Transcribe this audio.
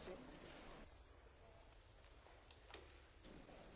въпроси значи,